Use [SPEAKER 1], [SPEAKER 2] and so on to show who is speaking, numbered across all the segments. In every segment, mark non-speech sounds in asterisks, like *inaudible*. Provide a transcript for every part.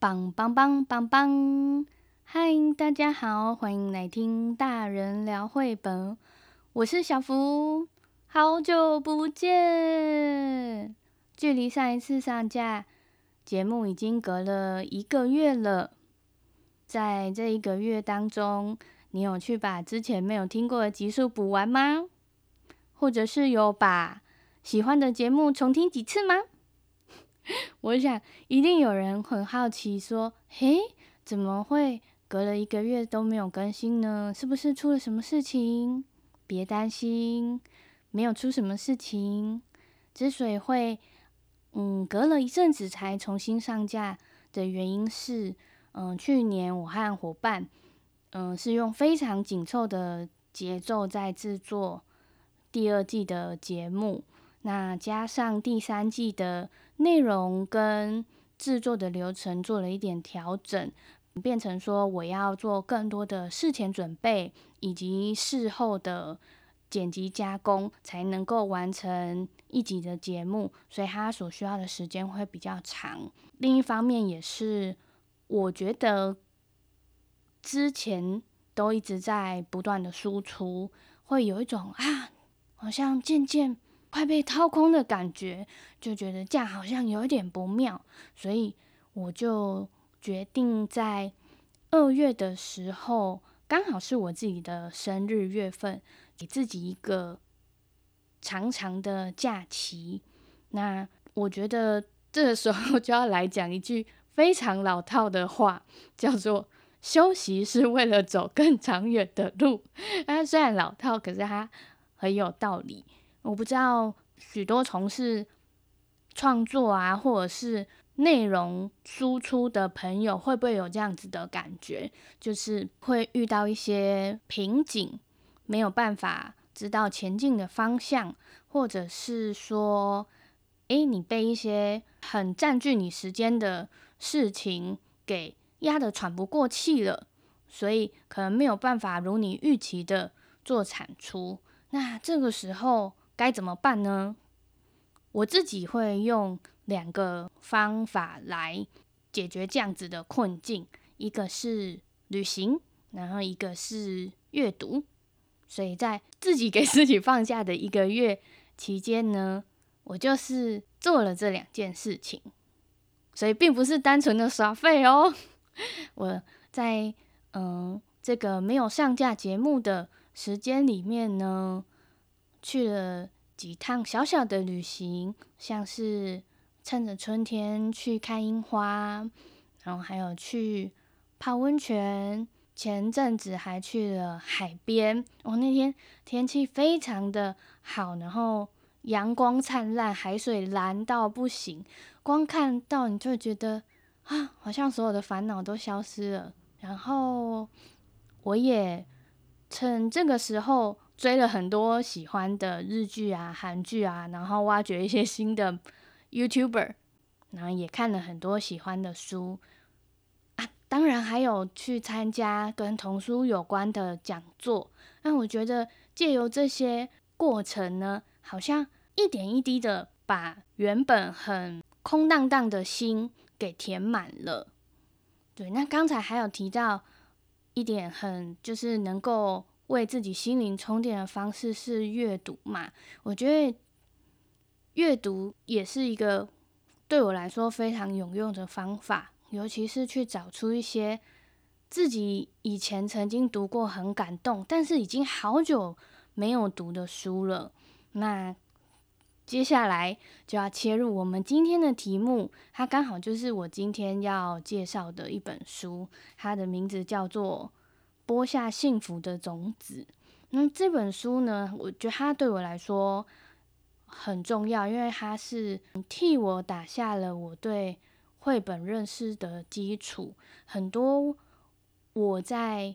[SPEAKER 1] 棒棒棒棒棒！嗨，大家好，歡迎來聽大人聊繪本。我是小福，好久不見，距離上一次上架節目已經隔了一個月了。在這一個月當中，你有去把之前沒有聽過的集數補完嗎？或者是有把喜歡的節目重聽幾次嗎？ *laughs* 我想，一定有人很好奇，說：“嘿，怎麼會隔了一個月都沒有更新呢？是不是出了什麼事情？”別擔心，沒有出什麼事情。之所以會，嗯，隔了一陣子才重新上架的原因是，嗯、呃，去年我和夥伴，嗯、呃，是用非常緊湊的節奏在製作第二季的節目。那加上第三季的內容跟製作的流程做了一點調整，變成說我要做更多的事前準備，以及事後的剪輯加工，才能夠完成一集的節目，所以它所需要的時間會比較長。另一方面，也是我覺得之前都一直在不斷的輸出，會有一種啊，好像漸漸。快被掏空的感覺，就覺得這樣好像有一點不妙，所以我就決定在二月的時候，剛好是我自己的生日月份，給自己一個長長的假期。那我覺得這個時候就要來講一句非常老套的話，叫做“休息是為了走更長遠的路”。它雖然老套，可是它很有道理。我不知道許多從事創作啊，或者是內容輸出的朋友，會不會有這樣子的感覺？就是會遇到一些瓶頸，沒有辦法知道前進的方向，或者是說，誒，你被一些很占據你時間的事情給壓得喘不過氣了，所以可能沒有辦法如你預期的做產出。那這個時候。該怎麼辦呢？我自己會用兩個方法來解決這樣子的困境，一個是旅行，然後一個是閱讀。所以在自己給自己放假的一個月期間呢，我就是做了這兩件事情，所以並不是單純的耍廢哦。我在嗯、呃、這個沒有上架節目的時間裡面呢。去了幾趟小小的旅行，像是趁着春天去看櫻花，然後還有去泡溫泉。前陣子還去了海邊，我、哦、那天天氣非常的好，然後陽光燦爛，海水藍到不行，光看到你就覺得啊，好像所有的煩惱都消失了。然後我也趁這個時候。追了很多喜歡的日劇啊、韓劇啊，然後挖掘一些新的 YouTuber，然後也看了很多喜歡的書啊，當然還有去參加跟童書有關的講座。那我覺得借由這些過程呢，好像一點一滴的把原本很空蕩蕩的心給填滿了。對，那剛才還有提到一點，很就是能夠。為自己心靈充電的方式是閱讀嘛？我覺得閱讀也是一個對我來說非常有用的方法，尤其是去找出一些自己以前曾經讀過很感動，但是已經好久沒有讀的書了。那接下來就要切入我們今天的題目，它剛好就是我今天要介紹的一本書，它的名字叫做。播下幸福的種子。那這本書呢，我覺得它對我來說很重要，因為它是替我打下了我對繪本認識的基礎。很多我在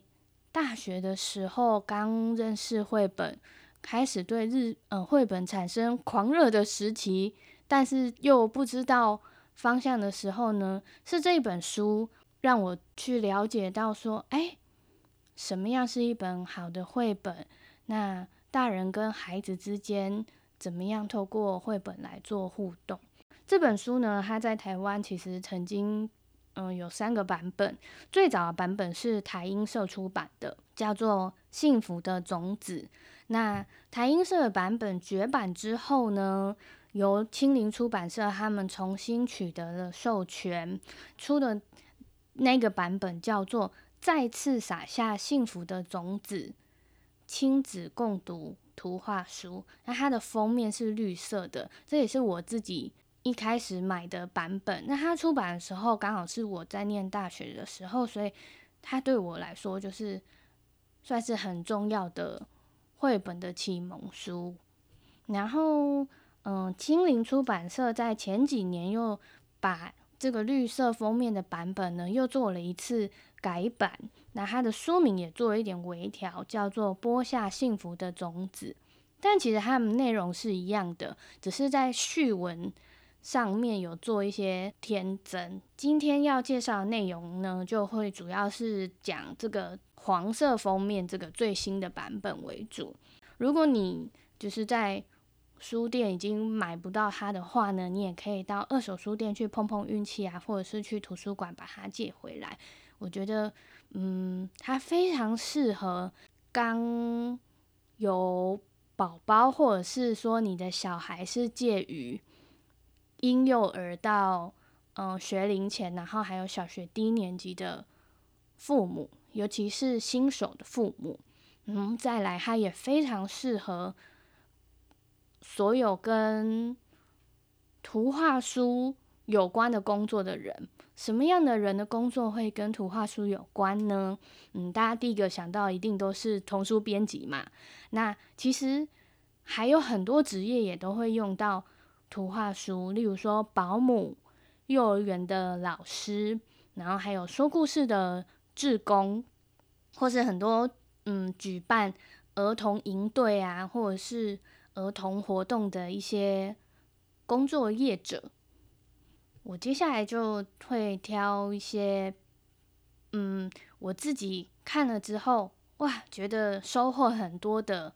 [SPEAKER 1] 大學的時候剛認識繪本，開始對日，嗯、呃，繪本產生狂熱的時期，但是又不知道方向的時候呢，是這本書讓我去了解到說，哎、欸。什麼樣是一本好的繪本？那大人跟孩子之間怎麼樣透過繪本來做互動？這本書呢，它在台灣其實曾經，嗯，有三個版本。最早的版本是台英社出版的，叫做《幸福的種子》。那台英社的版本絕版之後呢，由青林出版社他們重新取得了授權，出的那個版本叫做。再次撒下幸福的種子，親子共讀圖畫書。那它的封面是綠色的，這也是我自己一開始買的版本。那它出版的時候剛好是我在念大學的時候，所以它對我來說就是算是很重要的繪本的啟蒙書。然後，嗯，青林出版社在前幾年又把。這個綠色封面的版本呢，又做了一次改版，那它的書名也做了一點微調，叫做《播下幸福的種子》，但其實它們內容是一樣的，只是在序文上面有做一些添增。今天要介紹的內容呢，就會主要是講這個黃色封面這個最新的版本為主。如果你就是在書店已經買不到它的話呢，你也可以到二手書店去碰碰運氣啊，或者是去圖書館把它借回來。我覺得，嗯，它非常適合剛有寶寶，或者是說你的小孩是介於嬰幼兒到，嗯，學齡前，然後還有小學低年級的父母，尤其是新手的父母，嗯，再來它也非常適合。所有跟圖畫書有關的工作的人，什麼樣的人的工作會跟圖畫書有關呢？嗯，大家第一個想到一定都是童書編輯嘛。那其實還有很多職業也都會用到圖畫書，例如說保姆、幼兒園的老師，然後還有說故事的志工，或是很多，嗯，舉辦兒童營隊啊，或者是。兒童活動的一些工作業者，我接下來就會挑一些，嗯，我自己看了之後，哇，覺得收穫很多的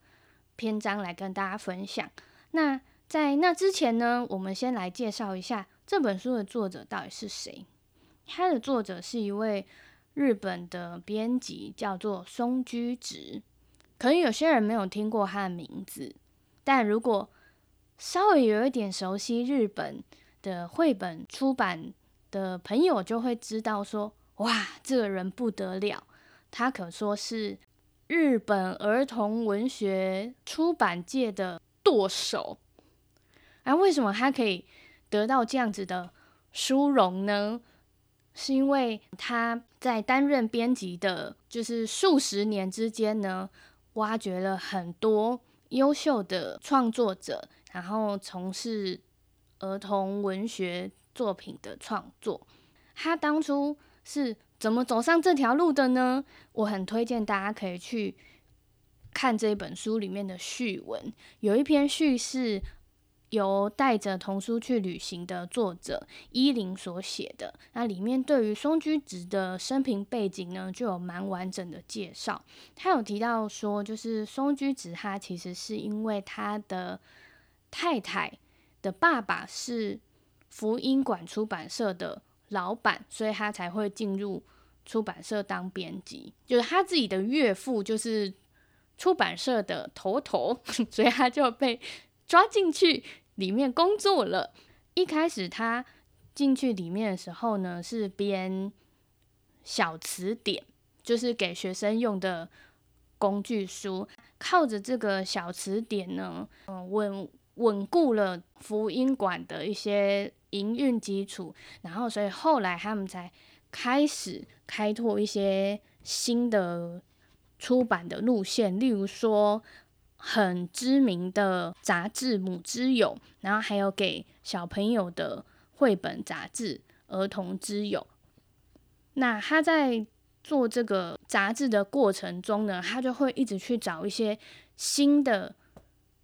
[SPEAKER 1] 篇章來跟大家分享。那在那之前呢，我們先來介紹一下這本書的作者到底是誰？他的作者是一位日本的編輯，叫做松居直，可能有些人沒有聽過他的名字。但如果稍微有一點熟悉日本的繪本出版的朋友，就會知道說，哇，這個人不得了，他可說是日本兒童文學出版界的舵手。啊，為什麼他可以得到這樣子的殊榮呢？是因為他在擔任編輯的，就是數十年之間呢，挖掘了很多。優秀的創作者，然後從事兒童文學作品的創作。他當初是怎麼走上這條路的呢？我很推薦大家可以去看這本書裡面的序文，有一篇序是。由帶着童書去旅行的作者伊林所寫的，那裡面對於松居直的生平背景呢，就有蠻完整的介紹。他有提到說，就是松居直他其實是因為他的太太的爸爸是福音館出版社的老板，所以他才會進入出版社當編輯。就是他自己的岳父就是出版社的頭頭，所以他就被。抓進去裡面工作了。一開始他進去裡面的時候呢，是編小詞典，就是給學生用的工具書。靠着這個小詞典呢，嗯，穩穩固了福音館的一些營運基礎。然後，所以後來他們才開始開拓一些新的出版的路線，例如說。很知名的雜誌《母之友》，然後還有給小朋友的繪本雜誌《兒童之友》。那他在做這個雜誌的過程中呢，他就會一直去找一些新的、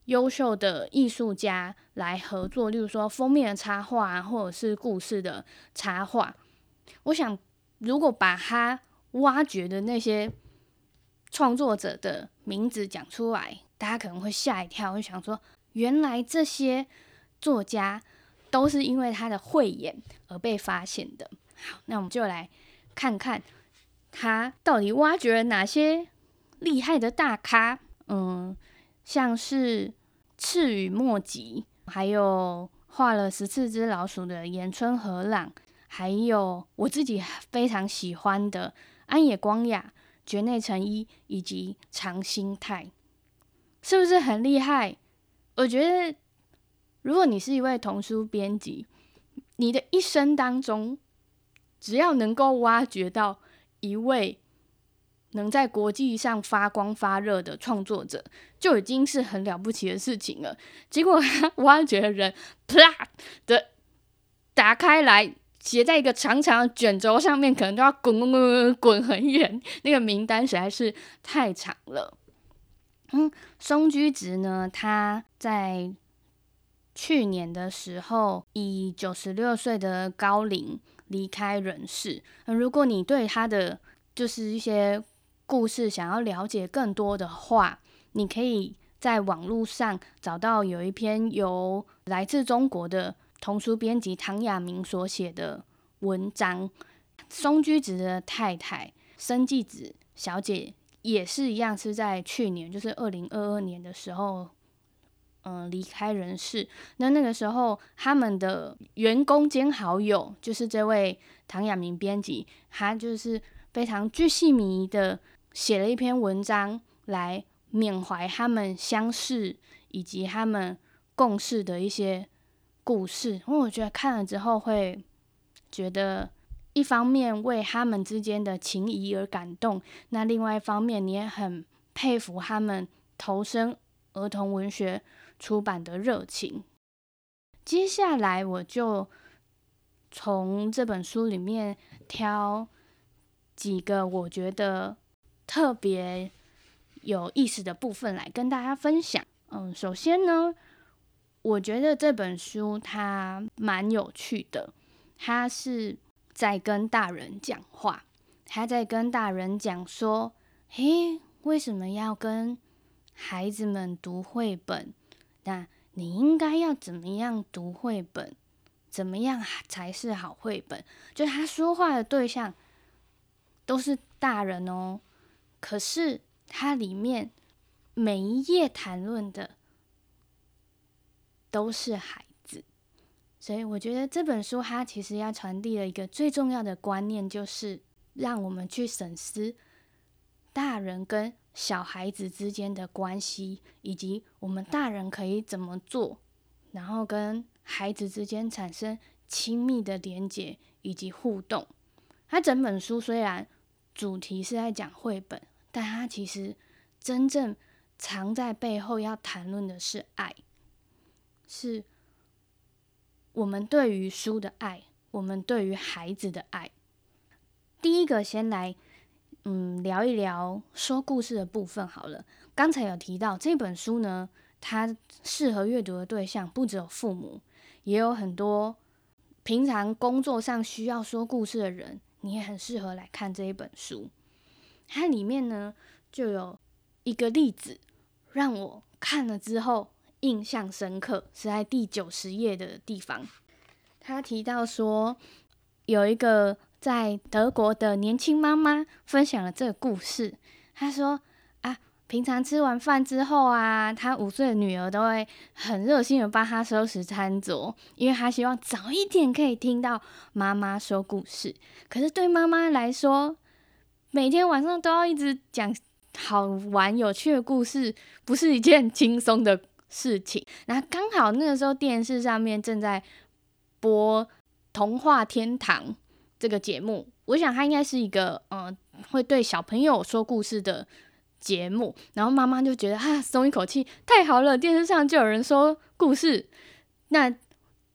[SPEAKER 1] 優秀的藝術家來合作，例如說封面的插畫啊，或者是故事的插畫。我想，如果把他挖掘的那些創作者的名字講出來。大家可能會嚇一跳，會想說：“原來這些作家都是因為他的慧眼而被發現的。”好，那我們就來看看他到底挖掘了哪些厲害的大咖。嗯，像是赤羽末吉，還有畫了十四只老鼠的岩村和朗，還有我自己非常喜歡的安野光雅、堀內誠一以及長新太。是不是很厲害？我覺得，如果你是一位童書編輯，你的一生當中，只要能夠挖掘到一位能在國際上發光發熱的創作者，就已經是很了不起的事情了。結果挖掘的人啪的打開來，寫在一個長長的卷軸上面，可能都要滾滾滾滾滾很遠。那個名單實在是太長了。嗯，松居直呢，他在去年的時候以九十六歲的高齡離開人世。如果你對他的就是一些故事想要了解更多的話，你可以在網絡上找到有一篇由來自中國的童書編輯唐亞明所寫的文章。松居直的太太生繼子小姐，也是一樣，是在去年，就是二零二二年的時候，嗯，離開人世。那那個時候，他們的員工兼好友，就是這位唐亞明編輯，他就是非常鉅細靡遺的，寫了一篇文章來緬懷他們相識以及他們共事的一些故事。因為我覺得看了之後會覺得。一方面為他們之間的情誼而感動，那另外一方面你也很佩服他們投身兒童文學出版的熱情。接下來我就從這本書裡面挑幾個我覺得特別有意思的部分來跟大家分享。嗯，首先呢，我覺得這本書它蠻有趣的，它是。在跟大人講話，他在跟大人講說：“嘿，為什麼要跟孩子們讀繪本？那你應該要怎麼樣讀繪本？怎麼樣才是好繪本？”就他說話的對象都是大人哦，可是他裡面每一頁談論的都是孩子。所以我覺得這本書它其實要傳遞了一個最重要的觀念，就是讓我們去審視大人跟小孩子之間的關係，以及我們大人可以怎麼做，然後跟孩子之間產生親密的連接以及互動。它整本書雖然主題是在講繪本，但它其實真正藏在背後要談論的是愛，是。我們對於書的愛，我們對於孩子的愛，第一個先來，嗯，聊一聊說故事的部分好了。剛才有提到這本書呢，它適合閱讀的對象不只有父母，也有很多平常工作上需要說故事的人，你也很適合來看這一本書。它裡面呢，就有一個例子，讓我看了之後，印象深刻，是在第九十頁的地方，他提到說有一個在德國的年輕媽媽分享了這個故事。他說：“啊，平常吃完飯之後啊，他五歲的女兒都會很熱心的幫他收拾餐桌，因為他希望早一點可以聽到媽媽說故事。可是對媽媽來說，每天晚上都要一直講好玩有趣的故事，不是一件輕鬆的。”事情，然後剛好那個時候電視上面正在播《童話天堂》這個節目，我想它應該是一個嗯會對小朋友說故事的節目。然後媽媽就覺得啊，鬆一口氣，太好了，電視上就有人說故事，那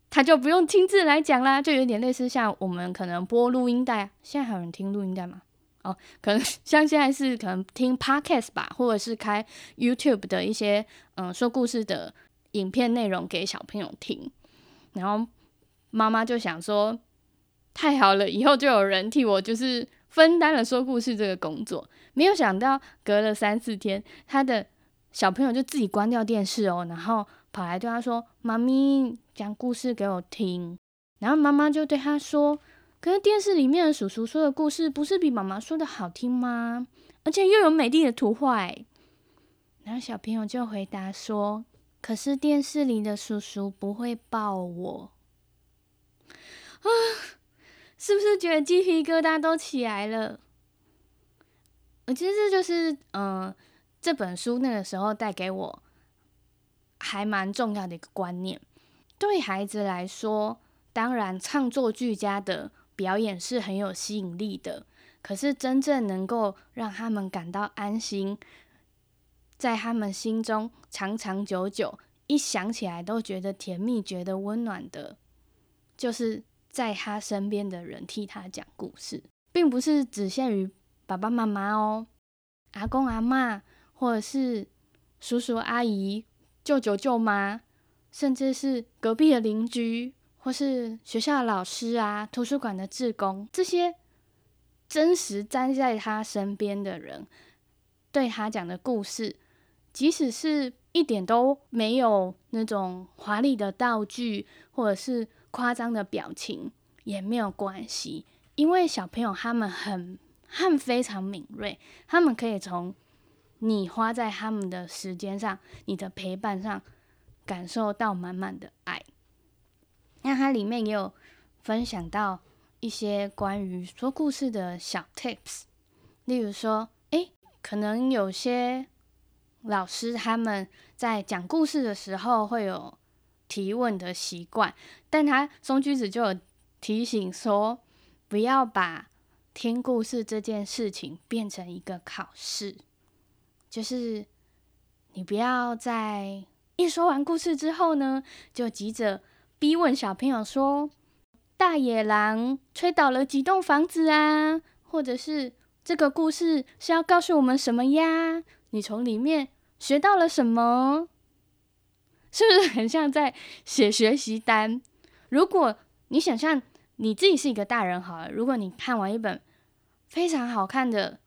[SPEAKER 1] 她就不用親自來講啦，就有點類似像我們可能播錄音帶啊，現在還有人聽錄音帶嗎？哦，可能像現在是可能聽 Podcast 吧，或者是開 YouTube 的一些嗯、呃、說故事的影片內容給小朋友聽，然後媽媽就想說太好了，以後就有人替我就是分擔了說故事這個工作。沒有想到隔了三四天，她的小朋友就自己關掉電視哦，然後跑來對她說：“媽咪，講故事給我聽。”然後媽媽就對她說。可是電視裡面的叔叔說的故事，不是比媽媽說的好聽嗎？而且又有美麗的圖畫、欸。然後小朋友就回答說：“可是電視裡的叔叔不會抱我。”啊，是不是覺得雞皮疙瘩都起來了？我其實這就是嗯、呃，這本書那個時候帶給我還蠻重要的一個觀念。對孩子來說，當然唱作俱佳的表演是很有吸引力的，可是真正能夠讓他們感到安心，在他們心中長長久久，一想起來都覺得甜蜜、覺得溫暖的，就是在他身邊的人替他講故事，並不是只限於爸爸媽媽哦，阿公阿嬤，或者是叔叔阿姨、舅舅舅媽，甚至是隔壁的鄰居。或是學校的老師啊，圖書館的志工，這些真實站在他身邊的人，對他講的故事，即使是一點都沒有那種華麗的道具或者是誇張的表情，也沒有關係，因為小朋友他們很很非常敏銳，他們可以從你花在他們的時間上，你的陪伴上，感受到滿滿的愛。那它裡面也有分享到一些關於說故事的小 Tips，例如說，哎、欸，可能有些老師他們在講故事的時候會有提問的習慣，但他松居直就有提醒說，不要把聽故事這件事情變成一個考試，就是你不要在一說完故事之後呢，就急着。逼問小朋友說：“大野狼吹倒了幾棟房子啊？或者是這個故事是要告訴我們什麼呀？你從裡面學到了什麼？是不是很像在寫學習單？如果你想象你自己是一個大人好了，如果你看完一本非常好看的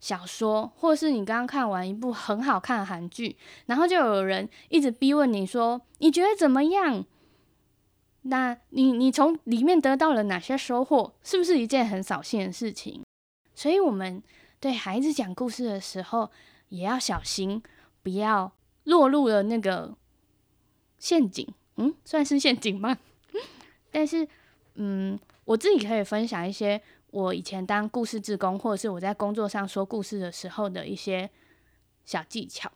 [SPEAKER 1] 小說，或是你剛剛看完一部很好看的韓劇，然後就有人一直逼問你說：你覺得怎麼樣？”那你你從裡面得到了哪些收穫？是不是一件很掃興的事情？所以，我們對孩子講故事的時候也要小心，不要落入了那個陷阱。嗯，算是陷阱嗎？但是，嗯，我自己可以分享一些我以前當故事志工，或者是我在工作上說故事的時候的一些小技巧。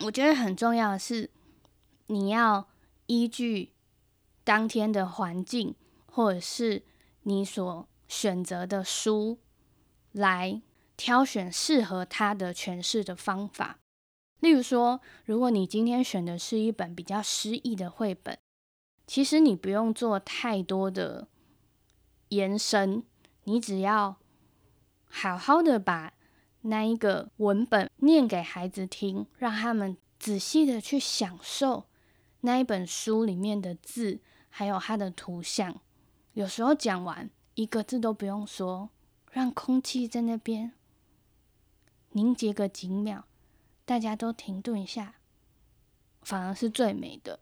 [SPEAKER 1] 我覺得很重要的是，你要依據當天的環境，或者是你所選擇的書，來挑選適合他的詮釋的方法。例如說，如果你今天選的是一本比較詩意的繪本，其實你不用做太多的延伸，你只要好好的把那一個文本念給孩子聽，讓他們仔細的去享受那一本書裡面的字。還有它的圖像，有時候講完一個字都不用說，讓空氣在那邊凝結個幾秒，大家都停頓一下，反而是最美的。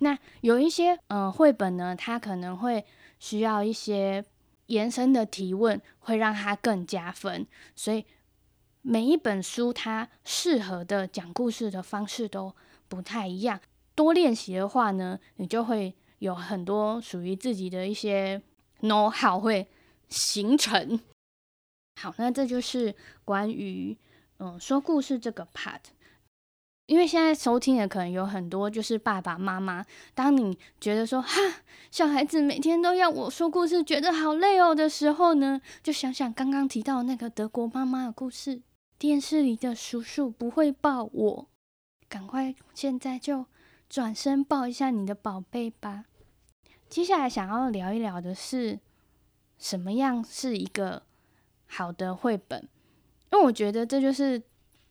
[SPEAKER 1] 那有一些嗯、呃、繪本呢，它可能會需要一些延伸的提問，會讓它更加分。所以每一本書它適合的講故事的方式都不太一樣。多練習的話呢，你就會。有很多屬於自己的一些 know how 會形成。好，那這就是關於嗯、說故事這個 part。因為現在收聽的可能有很多就是爸爸媽媽，當你覺得說哈，小孩子每天都要我說故事，覺得好累哦的時候呢，就想想剛剛提到那個德國媽媽的故事。電視裡的叔叔不會抱我，趕快現在就。轉身抱一下你的寶貝吧。接下來想要聊一聊的是，什麼樣是一個好的繪本？因為我覺得這就是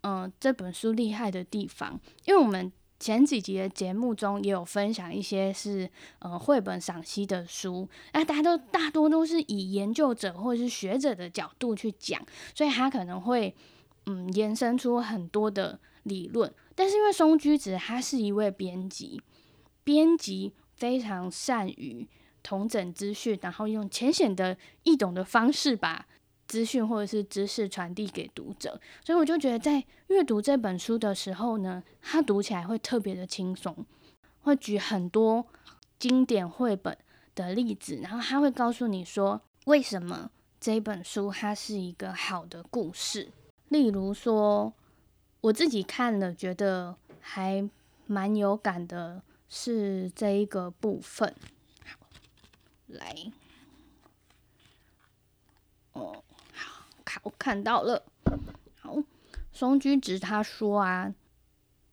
[SPEAKER 1] 嗯、呃、這本書厲害的地方。因為我們前幾集的節目中也有分享一些是嗯呃、繪本賞析的書，那大家都大多都是以研究者或者是學者的角度去講，所以它可能會嗯延伸出很多的理論。但是因為松居直他是一位編輯，編輯非常善於統整資訊，然後用淺顯的易懂的方式把資訊或者是知識傳遞給讀者，所以我就覺得在閱讀這本書的時候呢，他讀起來會特別的輕鬆，會舉很多經典繪本的例子，然後他會告訴你說為什麼這本書它是一個好的故事，例如說。我自己看了，覺得還蠻有感的，是這一個部分。好，來，哦，好，看，我看到了。好，松居直他說啊，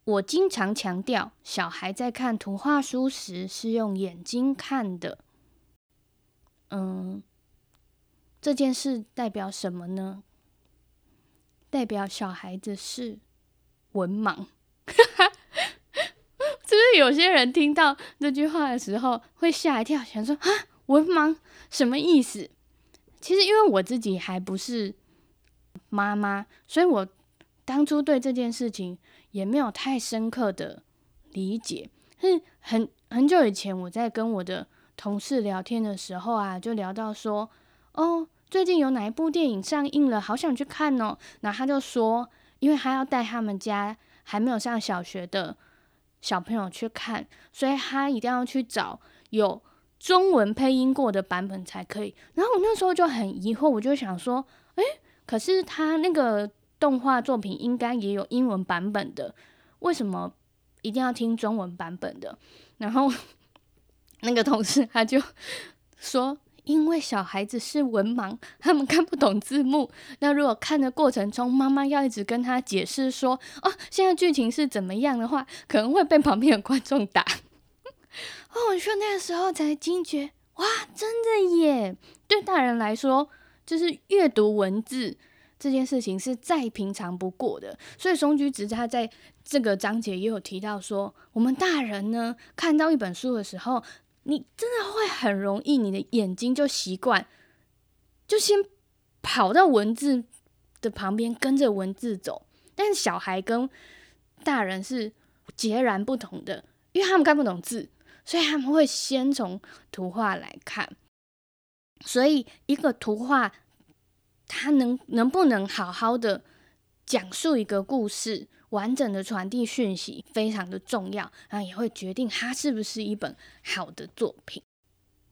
[SPEAKER 1] 我經常強調，小孩在看圖畫書時是用眼睛看的。嗯，這件事代表什麼呢？代表小孩子是。文盲，就 *laughs* 是，是有些人聽到這句話的時候會嚇一跳，想說啊，文盲什麼意思？其實因為我自己還不是媽媽，所以我當初對這件事情也沒有太深刻的理解。是很很久以前，我在跟我的同事聊天的時候啊，就聊到說，哦，最近有哪一部電影上映了，好想去看哦。然後他就說。因為他要帶他們家還沒有上小學的小朋友去看，所以他一定要去找有中文配音過的版本才可以。然後我那時候就很疑惑，我就想說，誒，可是他那個動畫作品應該也有英文版本的，為什麼一定要聽中文版本的？然後那個同事他就說。因為小孩子是文盲，他們看不懂字幕。那如果看的過程中，媽媽要一直跟他解釋說：“哦，現在劇情是怎麼樣的話，可能會被旁邊的觀眾打。 *laughs* ”哦，我說那個時候才驚覺，哇，真的耶！對大人來說，就是閱讀文字這件事情是再平常不過的。所以松居直他在這個章節也有提到說，我們大人呢，看到一本書的時候，你真的會很容易，你的眼睛就習慣，就先跑到文字的旁邊，跟着文字走。但是小孩跟大人是截然不同的，因為他們看不懂字，所以他們會先從圖畫來看。所以一個圖畫，它能能不能好好的講述一個故事？完整的傳遞訊息非常的重要，然後也會決定它是不是一本好的作品。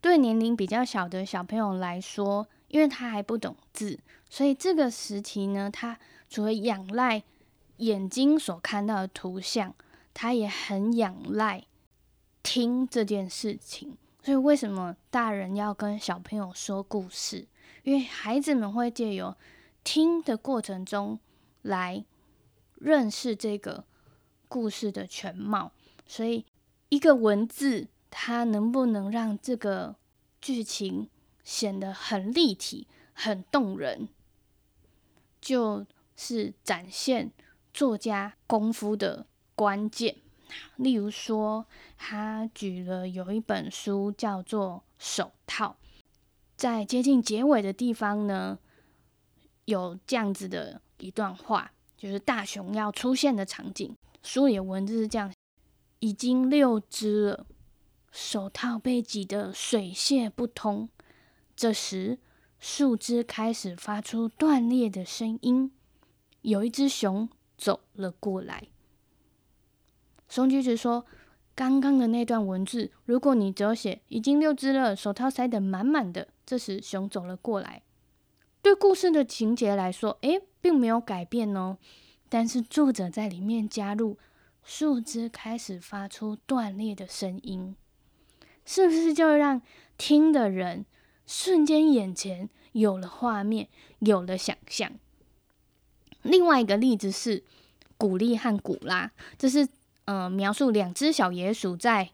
[SPEAKER 1] 對年齡比較小的小朋友來說，因為他還不懂字，所以這個時期呢，他除了仰賴眼睛所看到的圖像，他也很仰賴聽這件事情。所以為什麼大人要跟小朋友說故事？因為孩子們會借由聽的過程中來認識這個故事的全貌，所以一個文字它能不能讓這個劇情顯得很立體、很動人，就是展現作家功夫的關鍵。例如說，他舉了有一本書叫做《手套》，在接近結尾的地方呢，有這樣子的一段話。就是大熊要出現的場景，書裡的文字是這樣：已經六隻了，手套被擠得水泄不通。這時，樹枝開始發出斷裂的聲音，有一隻熊走了過來。松居直說：“剛剛的那段文字，如果你只有寫‘已經六隻了，手套塞得滿滿的’，這時熊走了過來。”對故事的情節來說，誒，並沒有改變哦。但是作者在裡面加入樹枝開始發出斷裂的聲音，是不是就讓聽的人瞬間眼前有了畫面，有了想象？另外一個例子是古利和古拉，這是嗯、呃、描述兩隻小野鼠在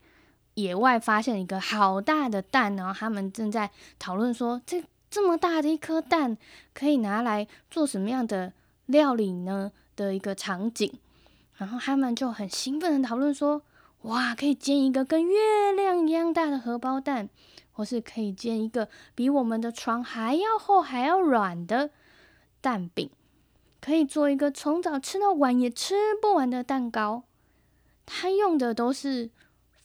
[SPEAKER 1] 野外發現一個好大的蛋，然後他們正在討論說這。這麼大的一顆蛋，可以拿來做什麼樣的料理呢？的一個場景，然後他們就很興奮的討論說：“哇，可以煎一個跟月亮一樣大的荷包蛋，或是可以煎一個比我們的床還要厚還要軟的蛋餅，可以做一個從早吃到晚也吃不完的蛋糕。”他用的都是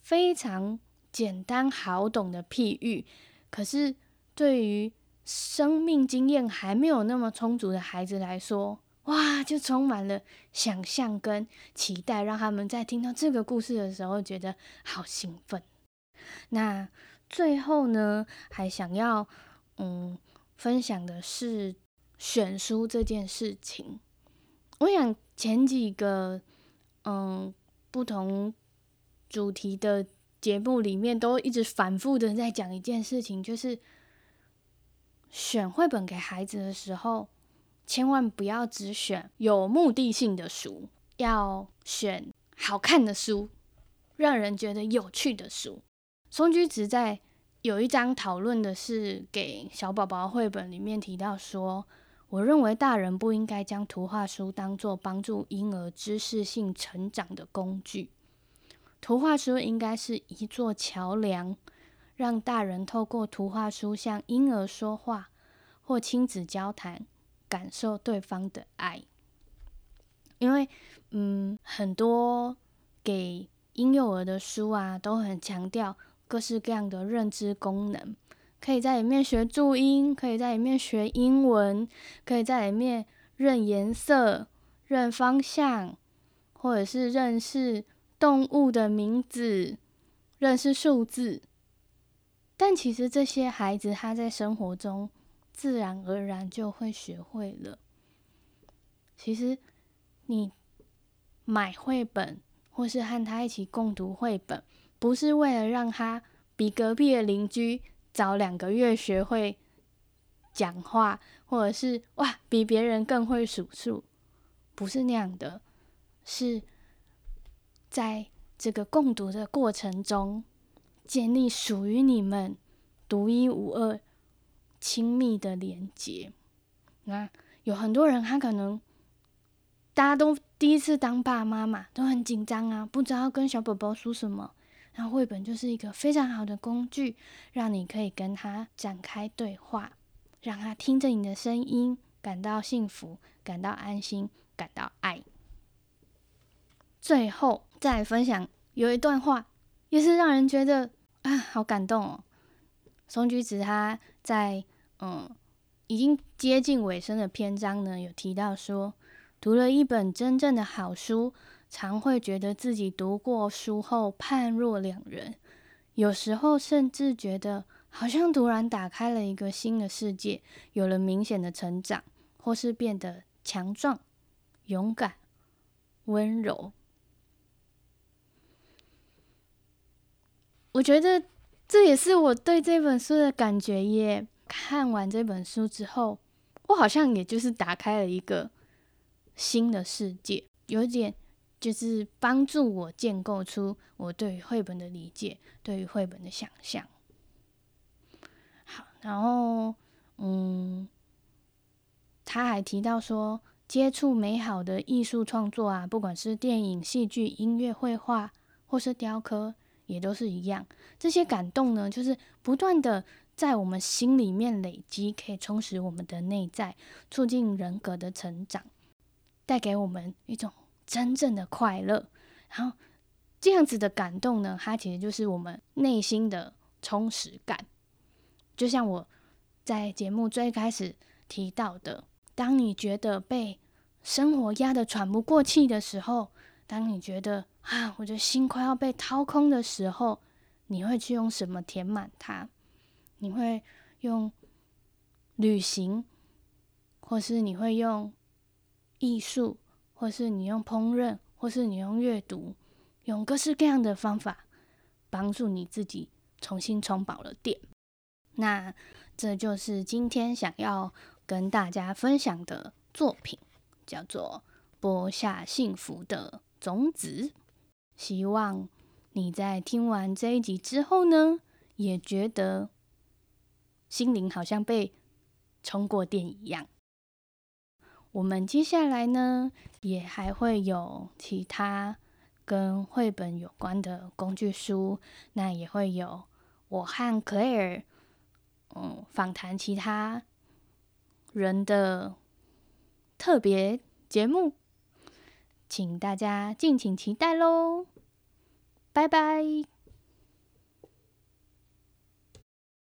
[SPEAKER 1] 非常簡單好懂的譬喻，可是對於生命經驗還沒有那麼充足的孩子來說，哇，就充滿了想象跟期待，讓他們在聽到這個故事的時候覺得好興奮。那最後呢，還想要嗯分享的是選書這件事情。我想前幾個嗯不同主題的節目裡面都一直反覆的在講一件事情，就是。選繪本給孩子的時候，千萬不要只選有目的性的書，要選好看的書，讓人覺得有趣的書。松居直在有一章討論的是給小寶寶繪本裡面提到說，我認為大人不應該將圖畫書當作幫助嬰兒知識性成長的工具。圖畫書應該是一座橋梁。讓大人透過圖畫書向嬰兒說話，或親子交談，感受對方的愛。因為，嗯，很多給嬰幼兒的書啊，都很強調各式各樣的認知功能，可以在裡面學注音，可以在裡面學英文，可以在裡面認顏色、認方向，或者是認識動物的名字、認識數字。但其實這些孩子他在生活中自然而然就會學會了。其實你買繪本或是和他一起共讀繪本，不是為了讓他比隔壁的鄰居早兩個月學會講話，或者是，哇，比別人更會數數，不是那樣的，是在這個共讀的過程中。建立屬於你們獨一無二、親密的連接。那有很多人，他可能大家都第一次當爸媽嘛，都很緊張啊，不知道跟小寶寶說什麼。然後繪本就是一個非常好的工具，讓你可以跟他展開對話，讓他聽着你的聲音，感到幸福，感到安心，感到愛。最後再分享有一段話，也是讓人覺得。啊，好感動哦！松居直他在嗯已經接近尾聲的篇章呢，有提到說，讀了一本真正的好書，常會覺得自己讀過書後判若兩人，有時候甚至覺得好像突然打開了一個新的世界，有了明顯的成長，或是變得強壯、勇敢、溫柔。我覺得這也是我對這本書的感覺耶。看完這本書之後，我好像也就是打開了一個新的世界，有點就是幫助我建構出我對於繪本的理解，對於繪本的想象。好，然後嗯，他還提到說，接觸美好的藝術創作啊，不管是電影、戲劇、音樂、繪畫，或是雕刻。也都是一樣，這些感動呢，就是不斷的在我們心裡面累積，可以充實我們的內在，促進人格的成長，帶給我們一種真正的快樂。然後，這樣子的感動呢，它其實就是我們內心的充實感。就像我在節目最開始提到的，當你覺得被生活壓得喘不過氣的時候，當你覺得……啊！我覺得心快要被掏空的時候，你會去用什麼填滿它？你會用旅行，或是你會用藝術，或是你用烹飪，或是你用閱讀，用各式各樣的方法幫助你自己重新充飽了電。那這就是今天想要跟大家分享的作品，叫做《播下幸福的種子》。希望你在聽完這一集之後呢，也覺得心靈好像被充過電一樣。我們接下來呢，也還會有其他跟繪本有關的工具書，那也會有我和 Claire 嗯，訪談其他人的特別節目。請大家敬請期待嘍，拜拜。